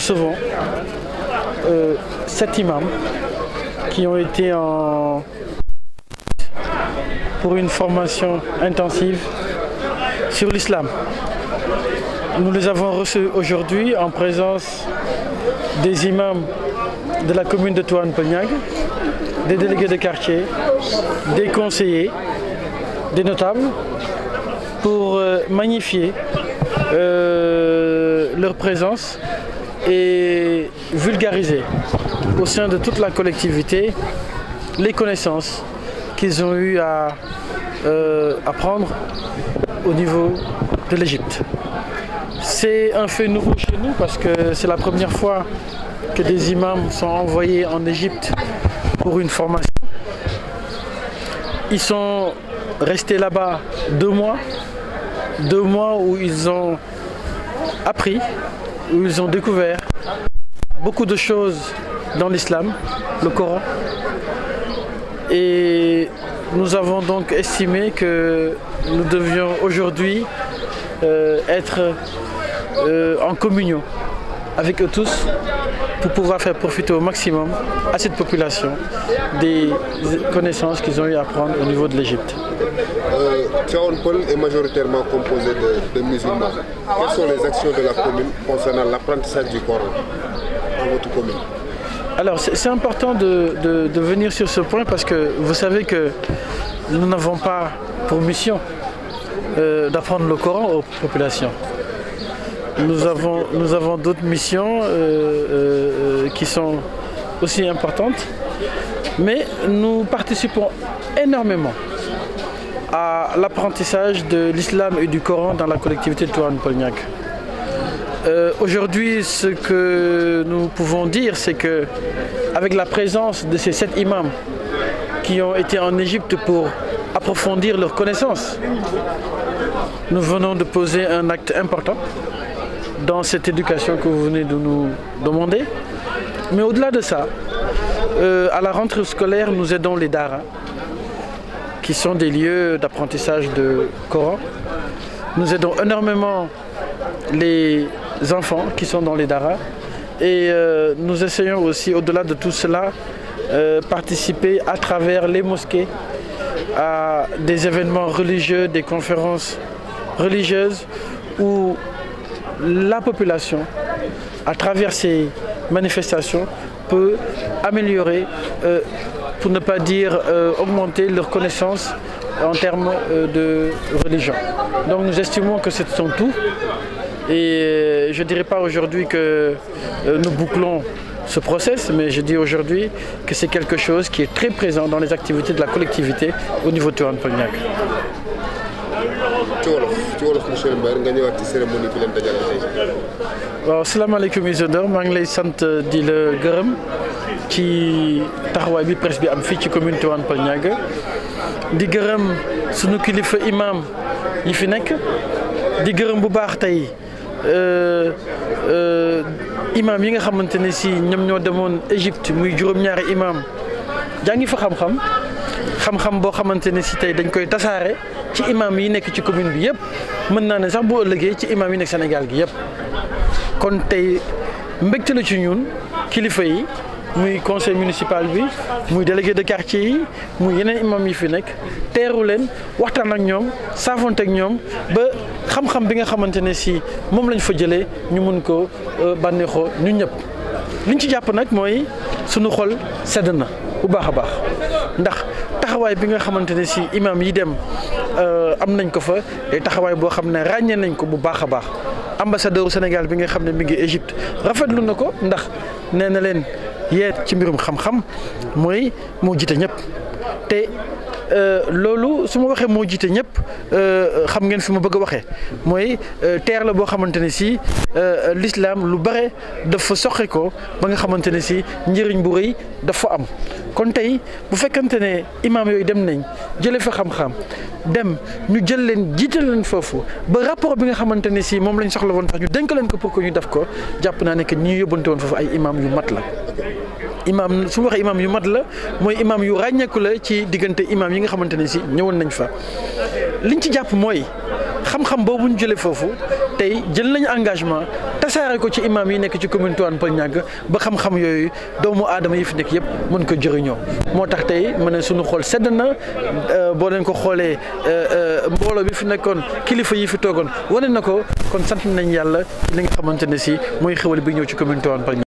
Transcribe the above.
recevons euh, sept imams qui ont été en pour une formation intensive sur l'islam. Nous les avons reçus aujourd'hui en présence des imams de la commune de Touane-Pognac, des délégués de quartier, des conseillers, des notables, pour euh, magnifier euh, leur présence et vulgariser au sein de toute la collectivité les connaissances qu'ils ont eu à apprendre euh, au niveau de l'Égypte. C'est un fait nouveau chez nous parce que c'est la première fois que des imams sont envoyés en Égypte pour une formation. Ils sont restés là-bas deux mois, deux mois où ils ont appris, ils ont découvert beaucoup de choses dans l'islam, le Coran. Et nous avons donc estimé que nous devions aujourd'hui euh, être euh, en communion avec eux tous pour pouvoir faire profiter au maximum à cette population des connaissances qu'ils ont eu à apprendre au niveau de l'Égypte. Euh, est majoritairement composé de, musulmans. Quelles sont les actions de la commune concernant l'apprentissage du Coran dans votre commune alors c'est important de, venir sur ce point parce que vous savez que nous n'avons pas pour mission euh, d'apprendre le Coran aux populations nous avons, d'autres missions euh, euh, euh, qui sont aussi importantes, mais nous participons énormément à l'apprentissage de l'islam et du Coran dans la collectivité de Touane-Polignac. Aujourd'hui, ce que nous pouvons dire, c'est que avec la présence de ces sept imams qui ont été en Égypte pour approfondir leurs connaissances, nous venons de poser un acte important dans cette éducation que vous venez de nous demander. Mais au-delà de ça, euh, à la rentrée scolaire, nous aidons les daras, qui sont des lieux d'apprentissage de Coran. Nous aidons énormément les enfants qui sont dans les daras. Et euh, nous essayons aussi, au-delà de tout cela, euh, participer à travers les mosquées à des événements religieux, des conférences religieuses où la population, à travers ces manifestations, peut améliorer, euh, pour ne pas dire euh, augmenter leur connaissance en termes euh, de religion. Donc nous estimons que c'est son tout. Et je ne dirais pas aujourd'hui que nous bouclons ce process, mais je dis aujourd'hui que c'est quelque chose qui est très présent dans les activités de la collectivité au niveau de toulon pognac ci wolof ci wolof monsieur le maire nga ñëwaat ci bi leen dajale tey. waaw salaamaaleykum Isidore maa ngi lay sant euh, di la gërëm ci taxawaay bi presse bi am fii ci commune Tivaouane Peulh-Niaga di gërëm sunu kilifa imam yi fi nekk di gërëm bu baax tey euh, euh, imam yi nga xamante ne si ñoom ñoo demoon Égypte muy juróom-ñaari imam jàngi fa xam-xam xam-xam boo xamante ne si tey dañ koy tasaare. ci imam yi nek ci commune bi yépp mën naa ne sax boo ëllëgee ci imam yi nek Sénégal gi yépp kon tey mbégte la ci ñun kilifa yi muy conseil municipal bi muy délégué de quartier yi muy yeneen imam yi fi nekk teeru leen waxtaan ak ñoom saafonte ak ñoom ba xam-xam bi nga xamante ne si moom lañ fa jëlee ñu mun ko euh, bànneexoo ñun ñëpp liñ ci jàpp nag mooy sunu xol sedd na bu baax a baax ndax taxawaay bi nga xamante ne si imam yi dem Euh, am nañ ko fa taxawaay boo xam ne ràññee nañ ko bu baax a baax ambassadeur Sénégal bi nga xam ne mu ngi Égypte rafetlu na ko ndax nee na leen yéen ci mbirum xam-xam mooy moo jiite ñëpp te Euh, loolu su ma waxee moo jiite ñëpp euh, xam ngeen su ma bëgg a waxee mooy euh, terre la boo xamante ne si lislaam lu bare dafa soqe ko ba nga xamante ne si njëriñ bu rëy dafa am kon tey bu fekkante ne imaam yooyu dem nañ jële fa xam-xam dem ñu jël leen jiital leen foofu ba rapport bi nga xamante ne si moom lañ soxla woon tax ñu dénk leen ko pour que ñu def ko jàpp naa ne ñu yóbbante woon foofu ay imaam yu mat la imaam su ma waxee imaam yu mat la mooy imaam diggante imaam yi yi nga xamante ne si ñëwoon nañ fa liñ ci jàpp mooy xam-xam boobu ñu jëlee foofu tey jël nañu engagement tasaare ko ci imaam yi nekk ci commune Tivaouane Peulh Niaga ba xam-xam yooyu doomu aadama yi fi nekk yëpp mën ko jëriñoo moo tax tey ma ne suñu xool sedd na euh, boo leen ko xoolee euh, euh, mbooloo bi fi nekkoon kilifa yi fi toogoon wane na ko kon sant nañ yàlla li nga xamante ne si mooy xéwal bi ñëw ci commune Tivaouane Peulh